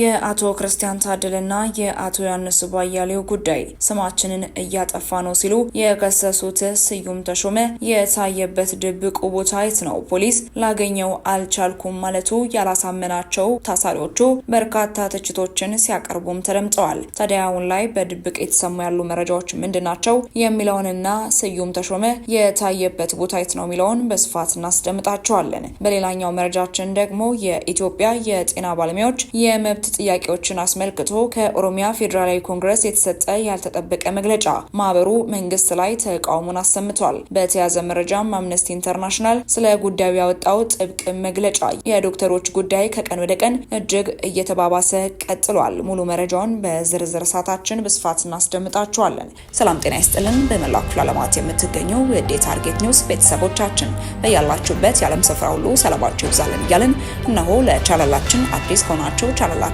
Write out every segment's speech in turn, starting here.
የአቶ ክርስቲያን ታደለና የአቶ ዮሐንስ ባያሌው ጉዳይ ስማችንን እያጠፋ ነው ሲሉ የከሰሱት ስዩም ተሾመ የታየበት ድብቁ ቦታ የት ነው? ፖሊስ ላገኘው አልቻልኩም ማለቱ ያላሳመናቸው ታሳሪዎቹ በርካታ ትችቶችን ሲያቀርቡም ተደምጠዋል። ታዲያ አሁን ላይ በድብቅ የተሰሙ ያሉ መረጃዎች ምንድን ናቸው የሚለውንና ስዩም ተሾመ የታየበት ቦታ የት ነው የሚለውን በስፋት እናስደምጣቸዋለን። በሌላኛው መረጃችን ደግሞ የኢትዮጵያ የጤና ባለሙያዎች የመብት ሁለት ጥያቄዎችን አስመልክቶ ከኦሮሚያ ፌዴራላዊ ኮንግረስ የተሰጠ ያልተጠበቀ መግለጫ ማህበሩ መንግስት ላይ ተቃውሞን አሰምቷል። በተያዘ መረጃም አምነስቲ ኢንተርናሽናል ስለ ጉዳዩ ያወጣው ጥብቅ መግለጫ የዶክተሮች ጉዳይ ከቀን ወደ ቀን እጅግ እየተባባሰ ቀጥሏል። ሙሉ መረጃውን በዝርዝር ሰዓታችን በስፋት እናስደምጣችኋለን። ሰላም ጤና ይስጥልን። በመላው ክፍለ ዓለማት የምትገኙ የዴ ታርጌት ኒውስ ቤተሰቦቻችን በያላችሁበት የዓለም ስፍራ ሁሉ ሰላማችሁ ይብዛልን እያልን እነሆ ለቻናላችን አዲስ ከሆናችሁ ቻናላችን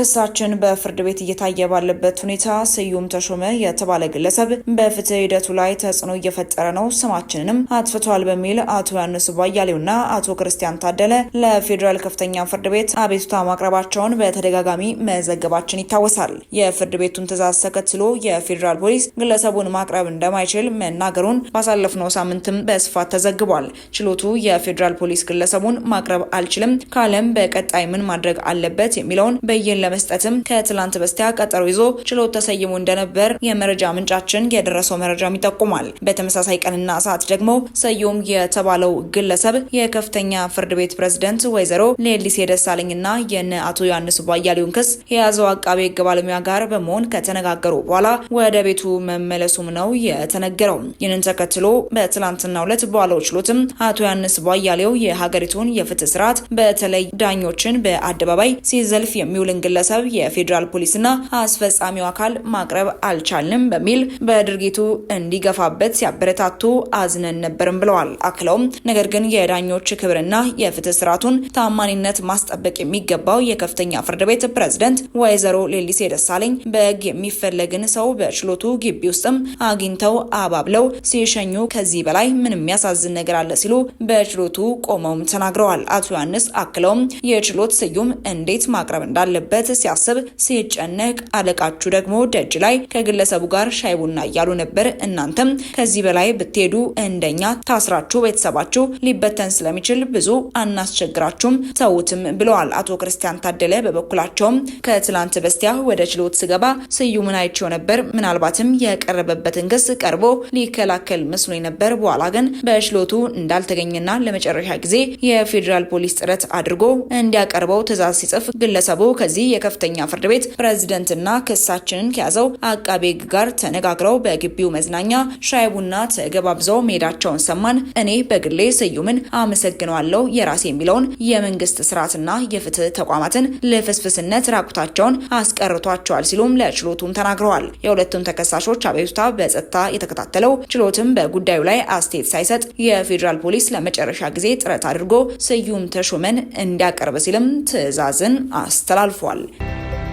ክሳችን በፍርድ ቤት እየታየ ባለበት ሁኔታ ስዩም ተሾመ የተባለ ግለሰብ በፍትህ ሂደቱ ላይ ተጽዕኖ እየፈጠረ ነው፣ ስማችንንም አጥፍቷል በሚል አቶ ዮሐንስ ባያሌውና አቶ ክርስቲያን ታደለ ለፌዴራል ከፍተኛ ፍርድ ቤት አቤቱታ ማቅረባቸውን በተደጋጋሚ መዘገባችን ይታወሳል። የፍርድ ቤቱን ትዕዛዝ ተከትሎ የፌዴራል ፖሊስ ግለሰቡን ማቅረብ እንደማይችል መናገሩን ባሳለፍነው ሳምንትም በስፋት ተዘግቧል። ችሎቱ የፌዴራል ፖሊስ ግለሰቡን ማቅረብ አልችልም ካለም በቀጣይ ምን ማድረግ አለበት የሚለውን በየለ ለመስጠትም ከትላንት በስቲያ ቀጠሮ ይዞ ችሎት ተሰይሞ እንደነበር የመረጃ ምንጫችን የደረሰው መረጃም ይጠቁማል። በተመሳሳይ ቀንና ሰዓት ደግሞ ሰዮም የተባለው ግለሰብ የከፍተኛ ፍርድ ቤት ፕሬዝደንት ወይዘሮ ሌሊሴ ደሳለኝና የነ አቶ ዮሐንስ ባያሌውን ክስ የያዘው አቃቤ ሕግ ባለሙያ ጋር በመሆን ከተነጋገሩ በኋላ ወደ ቤቱ መመለሱም ነው የተነገረው። ይህንን ተከትሎ በትላንትና ሁለት በዋለው ችሎትም አቶ ዮሐንስ ባያሌው የሀገሪቱን የፍትህ ስርዓት በተለይ ዳኞችን በአደባባይ ሲዘልፍ የሚውልን ግለሰብ የፌዴራል ፖሊስና አስፈጻሚው አካል ማቅረብ አልቻልንም በሚል በድርጊቱ እንዲገፋበት ሲያበረታቱ አዝነን ነበርም ብለዋል። አክለውም ነገር ግን የዳኞች ክብርና የፍትህ ስርዓቱን ታማኒነት ማስጠበቅ የሚገባው የከፍተኛ ፍርድ ቤት ፕሬዝደንት ወይዘሮ ሌሊሴ ደሳለኝ በህግ የሚፈለግን ሰው በችሎቱ ግቢ ውስጥም አግኝተው አባብለው ሲሸኙ ከዚህ በላይ ምን የሚያሳዝን ነገር አለ ሲሉ በችሎቱ ቆመውም ተናግረዋል። አቶ ዮሐንስ አክለውም የችሎት ስዩም እንዴት ማቅረብ እንዳለበት እንዳለበት ሲያስብ ሲጨነቅ፣ አለቃችሁ ደግሞ ደጅ ላይ ከግለሰቡ ጋር ሻይ ቡና እያሉ ነበር። እናንተም ከዚህ በላይ ብትሄዱ እንደኛ ታስራችሁ ቤተሰባችሁ ሊበተን ስለሚችል ብዙ አናስቸግራችሁም ተዉትም ብለዋል። አቶ ክርስቲያን ታደለ በበኩላቸውም ከትላንት በስቲያ ወደ ችሎት ስገባ ስዩምን አይቼው ነበር። ምናልባትም የቀረበበትን ክስ ቀርቦ ሊከላከል መስሎኝ ነበር። በኋላ ግን በችሎቱ እንዳልተገኘና ለመጨረሻ ጊዜ የፌዴራል ፖሊስ ጥረት አድርጎ እንዲያቀርበው ትዕዛዝ ሲጽፍ ግለሰቡ ከዚህ የከፍተኛ ፍርድ ቤት ፕሬዝደንትና ክሳችንን ከያዘው አቃቤ ሕግ ጋር ተነጋግረው በግቢው መዝናኛ ሻይ ቡና ተገባብዘው መሄዳቸውን ሰማን። እኔ በግሌ ስዩምን አመሰግነዋለሁ። የራሴ የሚለውን የመንግስት ስርዓትና የፍትህ ተቋማትን ለፍስፍስነት ራቁታቸውን አስቀርቷቸዋል ሲሉም ለችሎቱም ተናግረዋል። የሁለቱም ተከሳሾች አቤቱታ በጸጥታ የተከታተለው ችሎትም በጉዳዩ ላይ አስተያየት ሳይሰጥ የፌዴራል ፖሊስ ለመጨረሻ ጊዜ ጥረት አድርጎ ስዩም ተሾመን እንዲያቀርብ ሲልም ትዕዛዝን አስተላልፏል። on.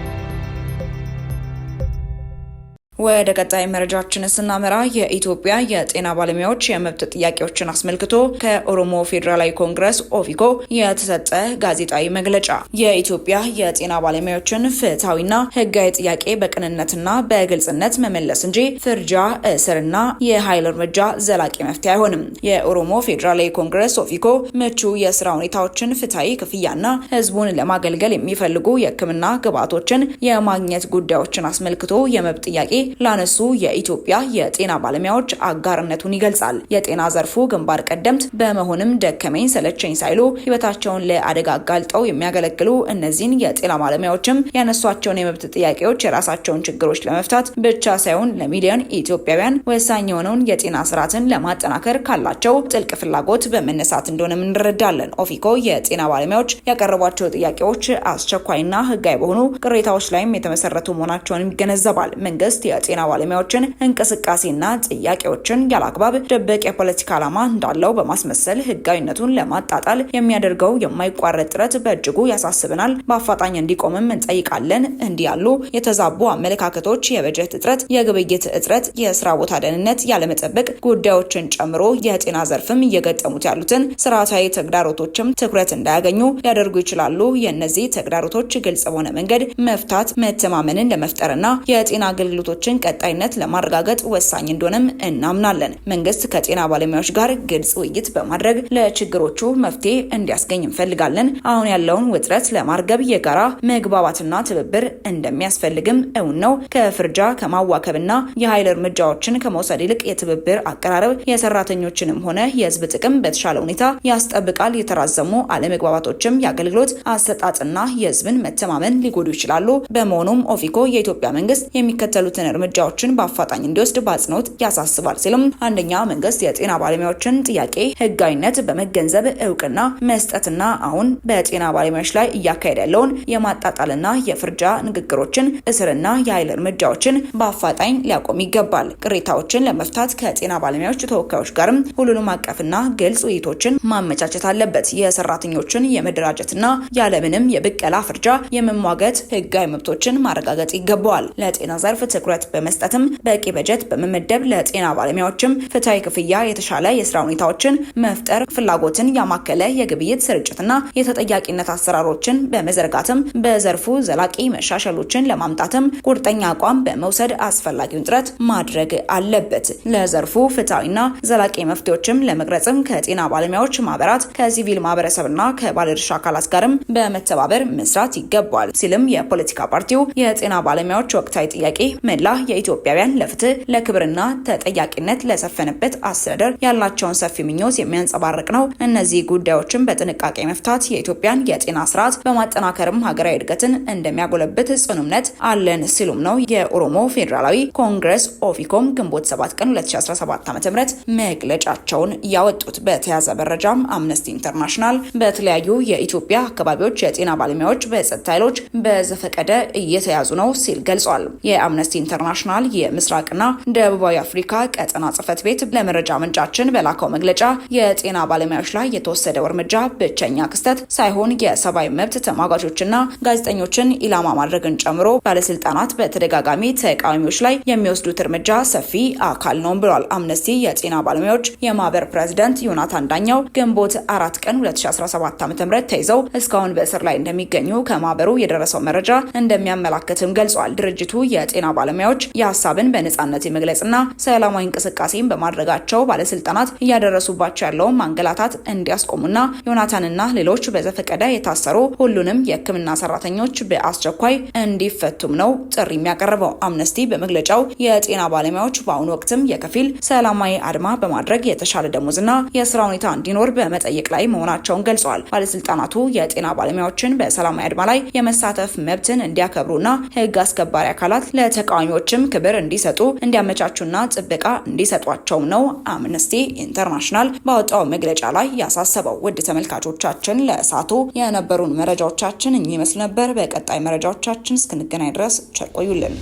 ወደ ቀጣይ መረጃችን ስናመራ የኢትዮጵያ የጤና ባለሙያዎች የመብት ጥያቄዎችን አስመልክቶ ከኦሮሞ ፌዴራላዊ ኮንግረስ ኦፊኮ የተሰጠ ጋዜጣዊ መግለጫ የኢትዮጵያ የጤና ባለሙያዎችን ፍትሐዊና ህጋዊ ጥያቄ በቅንነትና በግልጽነት መመለስ እንጂ ፍርጃ፣ እስርና የኃይል እርምጃ ዘላቂ መፍትሄ አይሆንም። የኦሮሞ ፌዴራላዊ ኮንግረስ ኦፊኮ ምቹ የስራ ሁኔታዎችን፣ ፍትሐዊ ክፍያና ህዝቡን ለማገልገል የሚፈልጉ የህክምና ግብዓቶችን የማግኘት ጉዳዮችን አስመልክቶ የመብት ጥያቄ ላነሱ የኢትዮጵያ የጤና ባለሙያዎች አጋርነቱን ይገልጻል። የጤና ዘርፉ ግንባር ቀደምት በመሆንም ደከመኝ ሰለቸኝ ሳይሉ ህይወታቸውን ለአደጋ አጋልጠው የሚያገለግሉ እነዚህን የጤና ባለሙያዎችም ያነሷቸውን የመብት ጥያቄዎች፣ የራሳቸውን ችግሮች ለመፍታት ብቻ ሳይሆን ለሚሊዮን ኢትዮጵያውያን ወሳኝ የሆነውን የጤና ስርዓትን ለማጠናከር ካላቸው ጥልቅ ፍላጎት በመነሳት እንደሆነም እንረዳለን። ኦፊኮ የጤና ባለሙያዎች ያቀረቧቸው ጥያቄዎች አስቸኳይና ህጋይ በሆኑ ቅሬታዎች ላይም የተመሰረቱ መሆናቸውን ይገነዘባል። መንግስት የጤና ባለሙያዎችን እንቅስቃሴና ጥያቄዎችን ያላክባብ ደበቅ የፖለቲካ ዓላማ እንዳለው በማስመሰል ህጋዊነቱን ለማጣጣል የሚያደርገው የማይቋረጥ ጥረት በእጅጉ ያሳስብናል። በአፋጣኝ እንዲቆምም እንጠይቃለን። እንዲህ ያሉ የተዛቡ አመለካከቶች የበጀት እጥረት፣ የግብይት እጥረት፣ የስራ ቦታ ደህንነት ያለመጠበቅ ጉዳዮችን ጨምሮ የጤና ዘርፍም እየገጠሙት ያሉትን ስርዓታዊ ተግዳሮቶችም ትኩረት እንዳያገኙ ሊያደርጉ ይችላሉ። የእነዚህ ተግዳሮቶች ግልጽ በሆነ መንገድ መፍታት መተማመንን ለመፍጠርና የጤና አገልግሎቶች መፍትሄዎችን ቀጣይነት ለማረጋገጥ ወሳኝ እንደሆነም እናምናለን። መንግስት ከጤና ባለሙያዎች ጋር ግልጽ ውይይት በማድረግ ለችግሮቹ መፍትሄ እንዲያስገኝ እንፈልጋለን። አሁን ያለውን ውጥረት ለማርገብ የጋራ መግባባትና ትብብር እንደሚያስፈልግም እውን ነው። ከፍርጃ ከማዋከብና የኃይል እርምጃዎችን ከመውሰድ ይልቅ የትብብር አቀራረብ የሰራተኞችንም ሆነ የህዝብ ጥቅም በተሻለ ሁኔታ ያስጠብቃል። የተራዘሙ አለመግባባቶችም የአገልግሎት አሰጣጥና የህዝብን መተማመን ሊጎዱ ይችላሉ። በመሆኑም ኦፊኮ የኢትዮጵያ መንግስት የሚከተሉትን እርምጃዎችን በአፋጣኝ እንዲወስድ በአጽንኦት ያሳስባል ሲልም አንደኛ መንግስት የጤና ባለሙያዎችን ጥያቄ ህጋዊነት በመገንዘብ እውቅና መስጠትና አሁን በጤና ባለሙያዎች ላይ እያካሄደ ያለውን የማጣጣልና የፍርጃ ንግግሮችን እስርና የኃይል እርምጃዎችን በአፋጣኝ ሊያቆም ይገባል። ቅሬታዎችን ለመፍታት ከጤና ባለሙያዎች ተወካዮች ጋርም ሁሉንም አቀፍና ግልጽ ውይይቶችን ማመቻቸት አለበት። የሰራተኞችን የመደራጀትና ያለምንም የብቀላ ፍርጃ የመሟገት ህጋዊ መብቶችን ማረጋገጥ ይገባዋል። ለጤና ዘርፍ ትኩረት በመስጠትም በቂ በጀት በመመደብ ለጤና ባለሙያዎችም ፍትሐዊ ክፍያ፣ የተሻለ የስራ ሁኔታዎችን መፍጠር፣ ፍላጎትን ያማከለ የግብይት ስርጭትና የተጠያቂነት አሰራሮችን በመዘርጋትም በዘርፉ ዘላቂ መሻሻሎችን ለማምጣትም ቁርጠኛ አቋም በመውሰድ አስፈላጊውን ጥረት ማድረግ አለበት። ለዘርፉ ፍትሐዊና ዘላቂ መፍትሄዎችም ለመቅረጽም ከጤና ባለሙያዎች ማህበራት ከሲቪል ማህበረሰብና ከባለድርሻ አካላት ጋርም በመተባበር መስራት ይገባል ሲልም የፖለቲካ ፓርቲው የጤና ባለሙያዎች ወቅታዊ ጥያቄ መላ የኢትዮጵያውያን ለፍትህ ለክብርና ተጠያቂነት ለሰፈነበት አስተዳደር ያላቸውን ሰፊ ምኞት የሚያንጸባርቅ ነው። እነዚህ ጉዳዮችን በጥንቃቄ መፍታት የኢትዮጵያን የጤና ስርዓት በማጠናከርም ሀገራዊ እድገትን እንደሚያጎለብት ጽኑ እምነት አለን ሲሉም ነው የኦሮሞ ፌዴራላዊ ኮንግረስ ኦፊኮም ግንቦት 7 ቀን 2017 ዓ.ም መግለጫቸውን ያወጡት። በተያዘ መረጃም አምነስቲ ኢንተርናሽናል በተለያዩ የኢትዮጵያ አካባቢዎች የጤና ባለሙያዎች በጸጥታ ኃይሎች በዘፈቀደ እየተያዙ ነው ሲል ገልጿል። የአምነስቲ ኢንተርናሽናል ኢንተርናሽናል የምስራቅና ደቡባዊ አፍሪካ ቀጠና ጽህፈት ቤት ለመረጃ ምንጫችን በላከው መግለጫ የጤና ባለሙያዎች ላይ የተወሰደው እርምጃ ብቸኛ ክስተት ሳይሆን የሰብአዊ መብት ተሟጋቾችና ጋዜጠኞችን ኢላማ ማድረግን ጨምሮ ባለስልጣናት በተደጋጋሚ ተቃዋሚዎች ላይ የሚወስዱት እርምጃ ሰፊ አካል ነው ብሏል። አምነስቲ የጤና ባለሙያዎች የማህበር ፕሬዚደንት ዮናታን ዳኛው ግንቦት አራት ቀን 2017 ዓ ም ተይዘው እስካሁን በእስር ላይ እንደሚገኙ ከማህበሩ የደረሰው መረጃ እንደሚያመላክትም ገልጿል። ድርጅቱ የጤና ባለሙያዎች ባለሙያዎች የሀሳብን በነጻነት የመግለጽና ሰላማዊ እንቅስቃሴን በማድረጋቸው ባለስልጣናት እያደረሱባቸው ያለውን ማንገላታት እንዲያስቆሙና ዮናታንና ሌሎች በዘፈቀደ የታሰሩ ሁሉንም የሕክምና ሰራተኞች በአስቸኳይ እንዲፈቱም ነው ጥሪ የሚያቀርበው። አምነስቲ በመግለጫው የጤና ባለሙያዎች በአሁኑ ወቅትም የከፊል ሰላማዊ አድማ በማድረግ የተሻለ ደሞዝና የስራ ሁኔታ እንዲኖር በመጠየቅ ላይ መሆናቸውን ገልጿል። ባለስልጣናቱ የጤና ባለሙያዎችን በሰላማዊ አድማ ላይ የመሳተፍ መብትን እንዲያከብሩና ህግ አስከባሪ አካላት ለተቃዋሚዎች ሰዎችም ክብር እንዲሰጡ እንዲያመቻቹና ጥበቃ እንዲሰጧቸው ነው አምነስቲ ኢንተርናሽናል ባወጣው መግለጫ ላይ ያሳሰበው። ውድ ተመልካቾቻችን ለእሳቱ የነበሩን መረጃዎቻችን እኚህ ይመስል ነበር። በቀጣይ መረጃዎቻችን እስክንገናኝ ድረስ ቸር ቆዩልን።